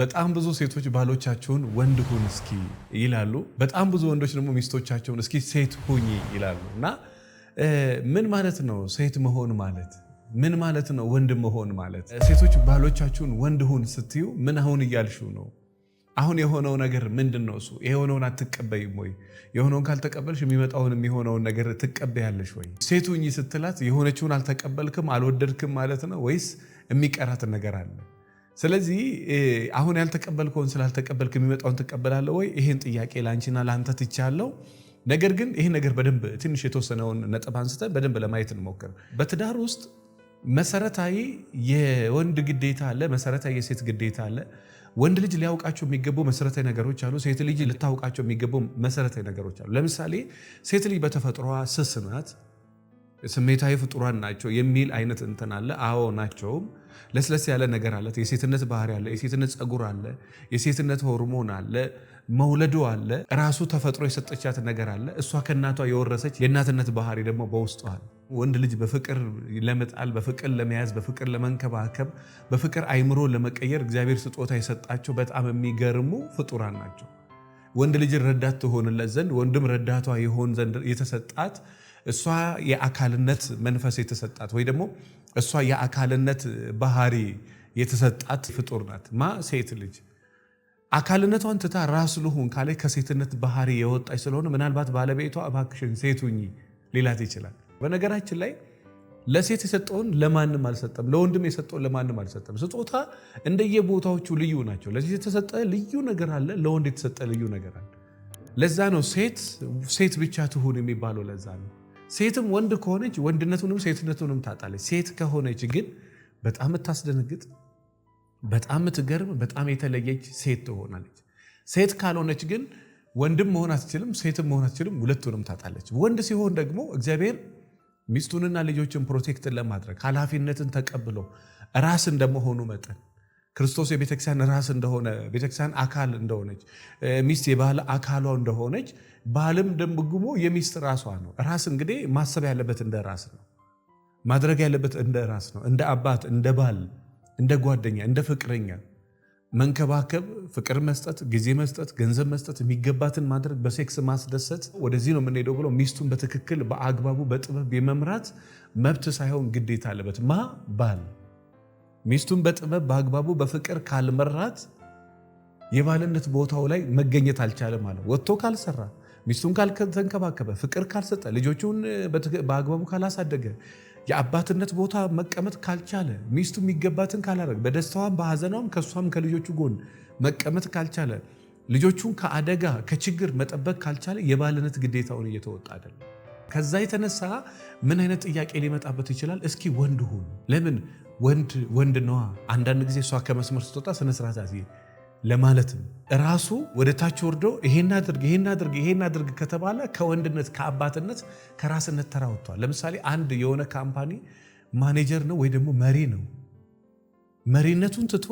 በጣም ብዙ ሴቶች ባሎቻቸውን ወንድ ሁን እስኪ ይላሉ። በጣም ብዙ ወንዶች ደግሞ ሚስቶቻቸውን እስኪ ሴት ሁኝ ይላሉ። እና ምን ማለት ነው ሴት መሆን ማለት ምን ማለት ነው ወንድ መሆን ማለት? ሴቶች ባሎቻችሁን ወንድ ሁን ስትዩ ምን አሁን እያልሽው ነው? አሁን የሆነው ነገር ምንድን ነው? እሱ የሆነውን አትቀበይም ወይ? የሆነውን ካልተቀበልሽ የሚመጣውን የሚሆነውን ነገር ትቀበያለሽ ወይ? ሴቱኝ ስትላት የሆነችውን አልተቀበልክም አልወደድክም ማለት ነው ወይስ የሚቀራት ነገር አለ? ስለዚህ አሁን ያልተቀበልከውን ስላልተቀበልክ የሚመጣውን ትቀበላለህ ወይ? ይህን ጥያቄ ለአንቺና ለአንተ ትቻለው። ነገር ግን ይህ ነገር በደንብ ትንሽ የተወሰነውን ነጥብ አንስተን በደንብ ለማየት እንሞክር። በትዳር ውስጥ መሰረታዊ የወንድ ግዴታ አለ፣ መሰረታዊ የሴት ግዴታ አለ። ወንድ ልጅ ሊያውቃቸው የሚገቡ መሰረታዊ ነገሮች አሉ። ሴት ልጅ ልታውቃቸው የሚገቡ መሰረታዊ ነገሮች አሉ። ለምሳሌ ሴት ልጅ በተፈጥሯ ስስ ናት፣ ስሜታዊ ፍጡራን ናቸው የሚል አይነት እንትን አለ። አዎ ናቸውም ለስለስ ያለ ነገር አለ፣ የሴትነት ባህሪ አለ። የሴትነት ጸጉር አለ። የሴትነት ሆርሞን አለ። መውለዶ አለ። ራሱ ተፈጥሮ የሰጠቻት ነገር አለ። እሷ ከእናቷ የወረሰች የእናትነት ባህሪ ደግሞ በውስጧ ወንድ ልጅ በፍቅር ለመጣል፣ በፍቅር ለመያዝ፣ በፍቅር ለመንከባከብ፣ በፍቅር አይምሮ ለመቀየር እግዚአብሔር ስጦታ የሰጣቸው በጣም የሚገርሙ ፍጡራን ናቸው። ወንድ ልጅ ረዳት ትሆንለት ዘንድ ወንድም ረዳቷ የሆን ዘንድ የተሰጣት እሷ የአካልነት መንፈስ የተሰጣት ወይ ደግሞ እሷ የአካልነት ባህሪ የተሰጣት ፍጡር ናት። ማ ሴት ልጅ አካልነቷን ትታ ራስ ልሁን ካለ ከሴትነት ባህሪ የወጣች ስለሆነ ምናልባት ባለቤቷ እባክሽን ሴቱኝ ሌላት ይችላል። በነገራችን ላይ ለሴት የሰጠውን ለማንም አልሰጠም፣ ለወንድም የሰጠውን ለማንም አልሰጠም። ስጦታ እንደየቦታዎቹ ልዩ ናቸው። ለሴት የተሰጠ ልዩ ነገር አለ፣ ለወንድ የተሰጠ ልዩ ነገር አለ። ለዛ ነው ሴት ሴት ብቻ ትሁን የሚባለው። ለዛ ነው ሴትም ወንድ ከሆነች ወንድነቱንም ሴትነቱንም ታጣለች። ሴት ከሆነች ግን በጣም የምታስደነግጥ በጣም የምትገርም በጣም የተለየች ሴት ትሆናለች። ሴት ካልሆነች ግን ወንድም መሆን አትችልም፣ ሴትም መሆን አትችልም። ሁለቱንም ታጣለች። ወንድ ሲሆን ደግሞ እግዚአብሔር ሚስቱንና ልጆችን ፕሮቴክትን ለማድረግ ኃላፊነትን ተቀብሎ ራስ እንደመሆኑ መጠን ክርስቶስ የቤተክርስቲያን ራስ እንደሆነ ቤተክርስቲያን አካል እንደሆነች ሚስት የባል አካሏ እንደሆነች ባልም ደግሞ የሚስት ራሷ ነው። ራስ እንግዲህ ማሰብ ያለበት እንደ ራስ ነው። ማድረግ ያለበት እንደ ራስ ነው። እንደ አባት፣ እንደ ባል፣ እንደ ጓደኛ፣ እንደ ፍቅረኛ መንከባከብ፣ ፍቅር መስጠት፣ ጊዜ መስጠት፣ ገንዘብ መስጠት፣ የሚገባትን ማድረግ፣ በሴክስ ማስደሰት፣ ወደዚህ ነው የምንሄደው ብሎ ሚስቱን በትክክል በአግባቡ በጥበብ የመምራት መብት ሳይሆን ግዴታ አለበት ማ ባል ሚስቱን በጥበብ በአግባቡ በፍቅር ካልመራት የባልነት ቦታው ላይ መገኘት አልቻለም ማለት ወጥቶ ካልሰራ ሚስቱን ካልተንከባከበ ፍቅር ካልሰጠ ልጆቹን በአግባቡ ካላሳደገ የአባትነት ቦታ መቀመጥ ካልቻለ ሚስቱ የሚገባትን ካላረግ በደስታዋም በሐዘናውም ከእሷም ከልጆቹ ጎን መቀመጥ ካልቻለ ልጆቹን ከአደጋ ከችግር መጠበቅ ካልቻለ የባልነት ግዴታውን እየተወጣ አይደለም። ከዛ የተነሳ ምን አይነት ጥያቄ ሊመጣበት ይችላል? እስኪ ወንድ ሁን። ለምን ወንድ ወንድ ነዋ። አንዳንድ ጊዜ እሷ ከመስመር ስትወጣ ስነስርዓት ለማለት ነው። ራሱ ወደ ታች ወርዶ ይሄን አድርግ ይሄን አድርግ ይሄን አድርግ ከተባለ ከወንድነት ከአባትነት ከራስነት ተራ ወጥቷል። ለምሳሌ አንድ የሆነ ካምፓኒ ማኔጀር ነው ወይ ደግሞ መሪ ነው። መሪነቱን ትቶ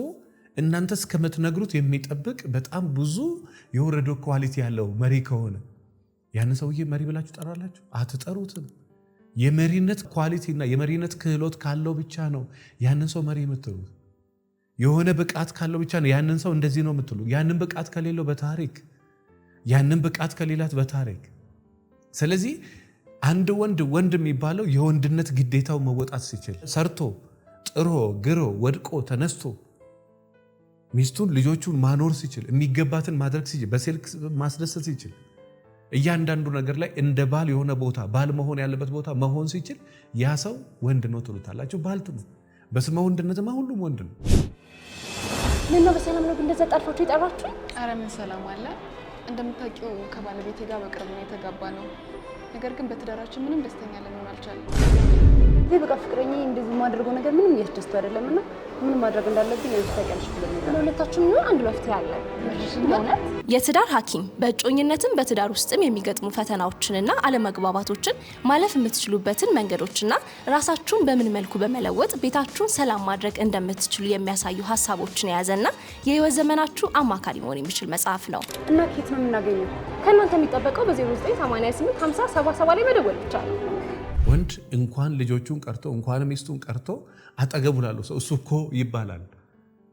እናንተ እስከምትነግሩት የሚጠብቅ በጣም ብዙ የወረዶ ኳሊቲ ያለው መሪ ከሆነ ያን ሰውዬ መሪ ብላችሁ ጠራላችሁ? አትጠሩትም። የመሪነት ኳሊቲ እና የመሪነት ክህሎት ካለው ብቻ ነው ያንን ሰው መሪ የምትሉት። የሆነ ብቃት ካለው ብቻ ነው ያንን ሰው እንደዚህ ነው የምትሉ። ያንን ብቃት ከሌለው በታሪክ ያንን ብቃት ከሌላት በታሪክ። ስለዚህ አንድ ወንድ ወንድ የሚባለው የወንድነት ግዴታው መወጣት ሲችል ሰርቶ ጥሮ ግሮ ወድቆ ተነስቶ ሚስቱን ልጆቹን ማኖር ሲችል የሚገባትን ማድረግ ሲችል በሴልክ ማስደሰት ሲችል እያንዳንዱ ነገር ላይ እንደ ባል የሆነ ቦታ ባል መሆን ያለበት ቦታ መሆን ሲችል ያ ሰው ወንድ ነው ትሉታላችሁ። ባልት ነው። በስመ ወንድነትማ ሁሉም ወንድ ነው። ምን በሰላም ነው እንደዛ ጠርፋችሁ ይጠራችሁ? አረ ምን ሰላም አለ። እንደምታውቂው ከባለቤቴ ጋር በቅርብ ነው የተጋባ ነው። ነገር ግን በትዳራችን ምንም ደስተኛ ልንሆን አልቻለም። ይህ በቃ ፍቅረኛ እንደዚህ የማደርገው ነገር ምንም እያስደስቱ አይደለም እና ምን ማድረግ እንዳለብኝ ያስታውቂያለሽ ብሎ ለሁለታችን ሆ አንድ መፍትሄ አለ። የትዳር ሐኪም በእጮኝነትም በትዳር ውስጥም የሚገጥሙ ፈተናዎችንና አለመግባባቶችን ማለፍ የምትችሉበትን መንገዶችና ራሳችሁን በምን መልኩ በመለወጥ ቤታችሁን ሰላም ማድረግ እንደምትችሉ የሚያሳዩ ሀሳቦችን የያዘና የህይወት ዘመናችሁ አማካሪ መሆን የሚችል መጽሐፍ ነው እና ኬት ነው የምናገኘው? ከእናንተ የሚጠበቀው በ0988 ላይ መደወል ብቻ ነው። ወንድ እንኳን ልጆቹን ቀርቶ እንኳን ሚስቱን ቀርቶ አጠገቡ ላለው ሰው እሱ እኮ ይባላል።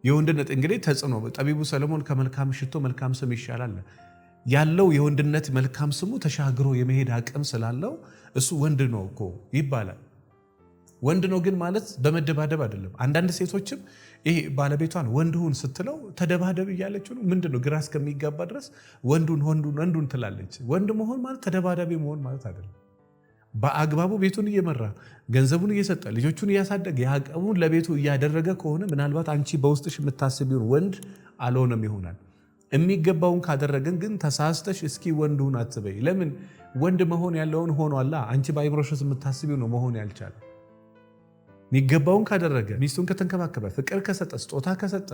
የወንድነት እንግዲህ ተጽዕኖ ጠቢቡ ሰለሞን ከመልካም ሽቶ መልካም ስም ይሻላል ያለው የወንድነት መልካም ስሙ ተሻግሮ የመሄድ አቅም ስላለው እሱ ወንድ ነው እኮ ይባላል። ወንድ ነው ግን ማለት በመደባደብ አይደለም። አንዳንድ ሴቶችም ይሄ ባለቤቷን ወንድ ስትለው ተደባደብ እያለች ነው። ምንድን ነው ግራ እስከሚጋባ ድረስ ወንዱን ወንዱን ወንዱን ትላለች። ወንድ መሆን ማለት ተደባዳቢ መሆን ማለት አይደለም። በአግባቡ ቤቱን እየመራ ገንዘቡን እየሰጠ ልጆቹን እያሳደገ የአቅሙን ለቤቱ እያደረገ ከሆነ ምናልባት አንቺ በውስጥሽ የምታስቢውን ወንድ አልሆነም ይሆናል። የሚገባውን ካደረገን ግን ተሳስተሽ እስኪ ወንዱን አትበይ። ለምን ወንድ መሆን ያለውን ሆኗላ። አንቺ በአይምሮሽ የምታስቢው ነው መሆን ያልቻለ ሚገባውን ካደረገ ሚስቱን ከተንከባከበ ፍቅር ከሰጠ ስጦታ ከሰጠ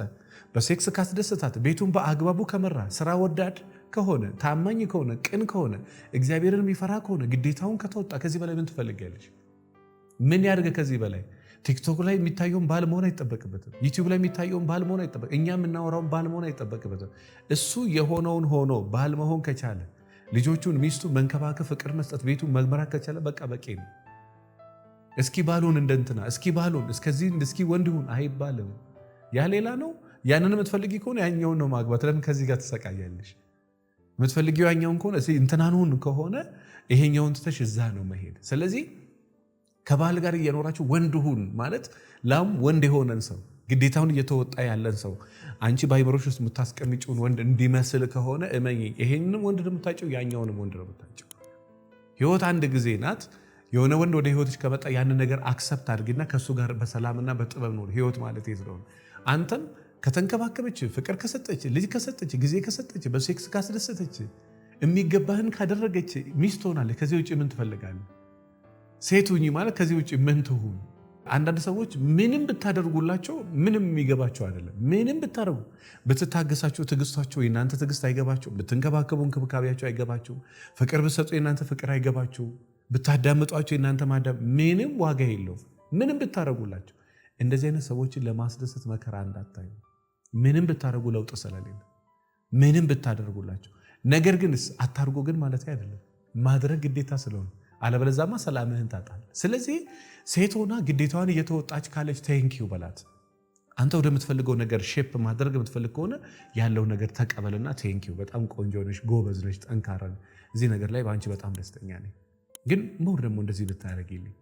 በሴክስ ካስደሰታት ቤቱን በአግባቡ ከመራ ስራ ወዳድ ከሆነ ታማኝ ከሆነ ቅን ከሆነ እግዚአብሔርን የሚፈራ ከሆነ ግዴታውን ከተወጣ ከዚህ በላይ ምን ትፈልጋለች? ምን ያደርገ ከዚህ በላይ ቲክቶክ ላይ የሚታየውን ባል መሆን አይጠበቅበትም። ዩቲዩብ ላይ የሚታየውን ባል መሆን አይጠበቅ እኛ የምናወራውን ባል መሆን አይጠበቅበትም። እሱ የሆነውን ሆኖ ባል መሆን ከቻለ ልጆቹን፣ ሚስቱ መንከባከብ፣ ፍቅር መስጠት፣ ቤቱን መመራት ከቻለ በቃ በቂ ነው። እስኪ ባልሆን እንደንትና እስኪ ባልሆን እስከዚህ እስኪ ወንድ ሁን አይባልም። ያ ሌላ ነው። ያንን የምትፈልጊ ከሆነ ያኛውን ነው ማግባት። ለምን ከዚህ ጋር ትሰቃያለሽ? የምትፈልጊ ያኛውን ከሆነ እንትናን ሁን ከሆነ ይሄኛውን ትተሽ እዛ ነው መሄድ። ስለዚህ ከባል ጋር እየኖራችሁ ወንድ ሁን ማለት ላም ወንድ የሆነን ሰው ግዴታውን እየተወጣ ያለን ሰው አንቺ በአይምሮሽ ውስጥ የምታስቀምጪውን ወንድ እንዲመስል ከሆነ እመኝ፣ ይሄንንም ወንድ ነው የምታጭው፣ ያኛውንም ወንድ ነው የምታጭው። ህይወት አንድ ጊዜ ናት። የሆነ ወንድ ወደ ህይወትሽ ከመጣ ያንን ነገር አክሰፕት አድርግና ከእሱ ጋር በሰላምና በጥበብ ኖር። ህይወት ማለት ስለሆነ አንተም ከተንከባከበች፣ ፍቅር ከሰጠች፣ ልጅ ከሰጠች፣ ጊዜ ከሰጠች፣ በሴክስ ካስደሰተች፣ የሚገባህን ካደረገች ሚስት ሆናለች። ከዚህ ውጭ ምን ትፈልጋለህ? ሴት ሁኚ ማለት ከዚህ ውጭ ምን ትሁን? አንዳንድ ሰዎች ምንም ብታደርጉላቸው ምንም የሚገባቸው አይደለም። ምንም ብታደርጉ ብትታገሳቸው ትግስቷቸው የእናንተ ትግስት አይገባቸው፣ ብትንከባከቡ እንክብካቤያቸው አይገባቸው፣ ፍቅር ብትሰጡ የእናንተ ፍቅር አይገባቸው። ብታዳምጧቸው የእናንተ ማዳም ምንም ዋጋ የለውም። ምንም ብታደረጉላቸው እንደዚህ አይነት ሰዎችን ለማስደሰት መከራ እንዳታዩ። ምንም ብታደረጉ ለውጥ ስለሌለ ምንም ብታደርጉላቸው ነገር ግን አታርጎ ግን ማለት አይደለም ማድረግ ግዴታ ስለሆነ አለበለዛማ ሰላምህን ታጣል። ስለዚህ ሴት ሆና ግዴታዋን እየተወጣች ካለች ቴንኪው በላት። አንተ ወደምትፈልገው ነገር ሼፕ ማድረግ የምትፈልግ ከሆነ ያለው ነገር ተቀበልና ቴንኪው፣ በጣም ቆንጆ ነሽ፣ ጎበዝ ነሽ፣ ጠንካራ እዚህ ነገር ላይ በአንቺ በጣም ደስተኛ ነኝ ግን ሞር ደግሞ እንደዚህ ብታደርግልኝ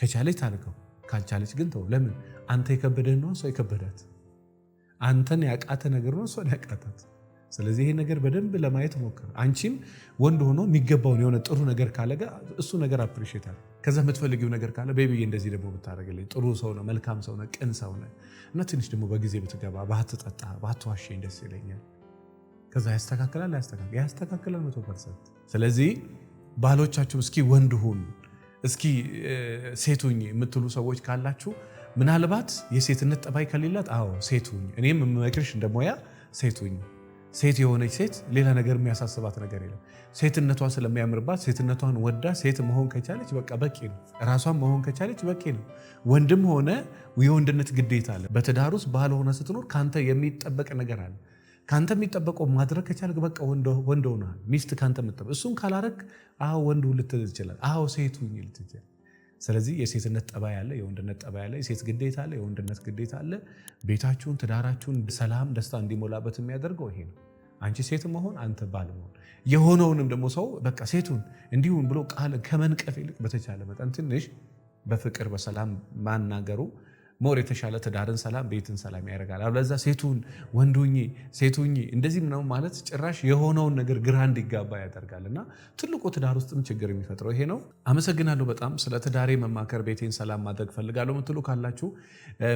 ከቻለች ታደርገው ካልቻለች ግን ተው። ለምን አንተ የከበደህ ነው እሷ የከበዳት፣ አንተን ያቃተ ነገር ነው እሷን ያቃታት። ስለዚህ ይሄ ነገር በደንብ ለማየት ሞክር። አንቺም ወንድ ሆኖ የሚገባውን የሆነ ጥሩ ነገር ካለ እሱ ነገር አፕሪሼት ከዛ የምትፈልጊው ነገር ካለ ቤቢ እንደዚህ ደግሞ ብታደርግልኝ፣ ጥሩ ሰው ነው፣ መልካም ሰው ነው፣ ቅን ሰው ነው እና ትንሽ ደግሞ በጊዜ ብትገባ፣ ባትጠጣ፣ ባትዋሸኝ ደስ ይለኛል። ከዛ ያስተካክላል ያስተካክላል መቶ ፐርሰንት ስለዚህ ባሎቻችሁ እስኪ ወንድ ሁን እስኪ ሴቱኝ የምትሉ ሰዎች ካላችሁ ምናልባት የሴትነት ጠባይ ከሌላት አዎ ሴቱኝ። እኔም የምመክርሽ እንደሞያ ሴቱኝ። ሴት የሆነች ሴት ሌላ ነገር የሚያሳስባት ነገር የለም። ሴትነቷ ስለሚያምርባት ሴትነቷን ወዳ ሴት መሆን ከቻለች በቃ በቂ ነው። ራሷን መሆን ከቻለች በቂ ነው። ወንድም ሆነ የወንድነት ግዴታ አለ። በትዳር ውስጥ ባል ሆነ ስትኖር ከአንተ የሚጠበቅ ነገር አለ። ከአንተ የሚጠበቀው ማድረግ ከቻልክ በቃ ወንድ ሆነሃል። ሚስት ከአንተ የምጠበ እሱን ካላረግ አዎ ወንድ ልትል ትችላለህ። አዎ ሴቱ ልት ስለዚህ የሴትነት ጠባይ አለ፣ የወንድነት ጠባይ አለ። የሴት ግዴታ አለ፣ የወንድነት ግዴታ አለ። ቤታችሁን፣ ትዳራችሁን ሰላም፣ ደስታ እንዲሞላበት የሚያደርገው ይሄ ነው። አንቺ ሴት መሆን አንተ ባል መሆን የሆነውንም ደግሞ ሰው በቃ ሴቱን እንዲሁን ብሎ ቃል ከመንቀፍ ይልቅ በተቻለ መጠን ትንሽ በፍቅር በሰላም ማናገሩ ሞር የተሻለ ትዳርን ሰላም ቤትን ሰላም ያደርጋል። አለዛ ሴቱን ወንዱኝ ሴቱኝ እንደዚህ ምናምን ማለት ጭራሽ የሆነውን ነገር ግራ እንዲጋባ ያደርጋል እና ትልቁ ትዳር ውስጥም ችግር የሚፈጥረው ይሄ ነው። አመሰግናለሁ በጣም ስለ ትዳሬ መማከር ቤቴን ሰላም ማድረግ ፈልጋለሁ ምትሉ ካላችሁ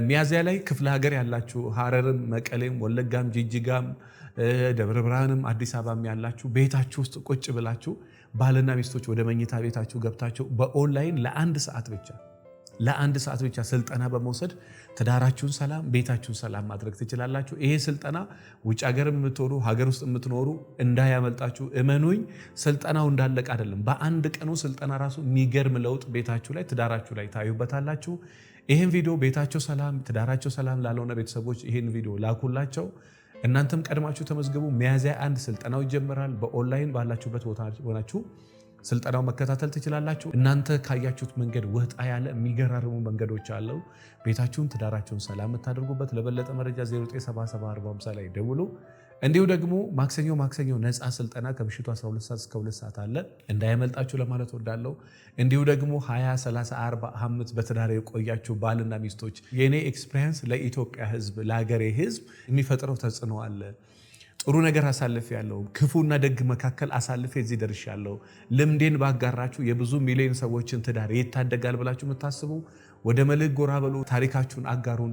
ሚያዝያ ላይ ክፍለ ሀገር ያላችሁ ሀረርም፣ መቀሌም፣ ወለጋም፣ ጅጅጋም፣ ደብረ ብርሃንም አዲስ አበባም ያላችሁ ቤታችሁ ውስጥ ቁጭ ብላችሁ ባልና ሚስቶች ወደ መኝታ ቤታችሁ ገብታችሁ በኦንላይን ለአንድ ሰዓት ብቻ ለአንድ ሰዓት ብቻ ስልጠና በመውሰድ ትዳራችሁን ሰላም፣ ቤታችሁን ሰላም ማድረግ ትችላላችሁ። ይሄ ስልጠና ውጭ ሀገር የምትኖሩ ሀገር ውስጥ የምትኖሩ እንዳያመልጣችሁ። እመኑኝ፣ ስልጠናው እንዳለቀ አይደለም። በአንድ ቀኑ ስልጠና ራሱ የሚገርም ለውጥ ቤታችሁ ላይ፣ ትዳራችሁ ላይ ታዩበታላችሁ። ይህን ቪዲዮ ቤታቸው ሰላም፣ ትዳራቸው ሰላም ላለሆነ ቤተሰቦች ይህን ቪዲዮ ላኩላቸው። እናንተም ቀድማችሁ ተመዝግቡ። ሚያዝያ አንድ ስልጠናው ይጀምራል። በኦንላይን ባላችሁበት ቦታ ሆናችሁ ስልጠናው መከታተል ትችላላችሁ። እናንተ ካያችሁት መንገድ ወጣ ያለ የሚገራርሙ መንገዶች አለው። ቤታችሁን፣ ትዳራችሁን ሰላም የምታደርጉበት ለበለጠ መረጃ 097745 ላይ ደውሉ። እንዲሁ ደግሞ ማክሰኞ ማክሰኞ ነፃ ስልጠና ከምሽቱ 12 ሰዓት እስከ 2 ሰዓት አለ እንዳይመልጣችሁ ለማለት ወዳለው። እንዲሁ ደግሞ 20፣ 30፣ በትዳር የቆያችሁ ባልና ሚስቶች የእኔ ኤክስፔሪንስ ለኢትዮጵያ ሕዝብ ለሀገሬ ሕዝብ የሚፈጥረው ተጽዕኖ አለ ጥሩ ነገር አሳልፍ ያለው ክፉና ደግ መካከል አሳልፌ እዚህ ያለው ልምዴን ባጋራችሁ የብዙ ሚሊዮን ሰዎችን ትዳር ይታደጋል ብላችሁ የምታስቡ ወደ መልሕቅ ጎራ በሉ። ታሪካችሁን አጋሩን።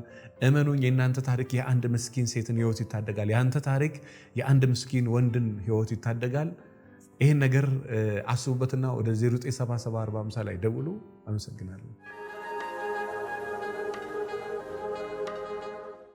እመኑኝ፣ የእናንተ ታሪክ የአንድ ምስኪን ሴትን ህይወት ይታደጋል። የአንተ ታሪክ የአንድ ምስኪን ወንድን ህይወት ይታደጋል። ይህን ነገር አስቡበትና ወደ 0974 ላይ ደውሉ። አመሰግናለሁ።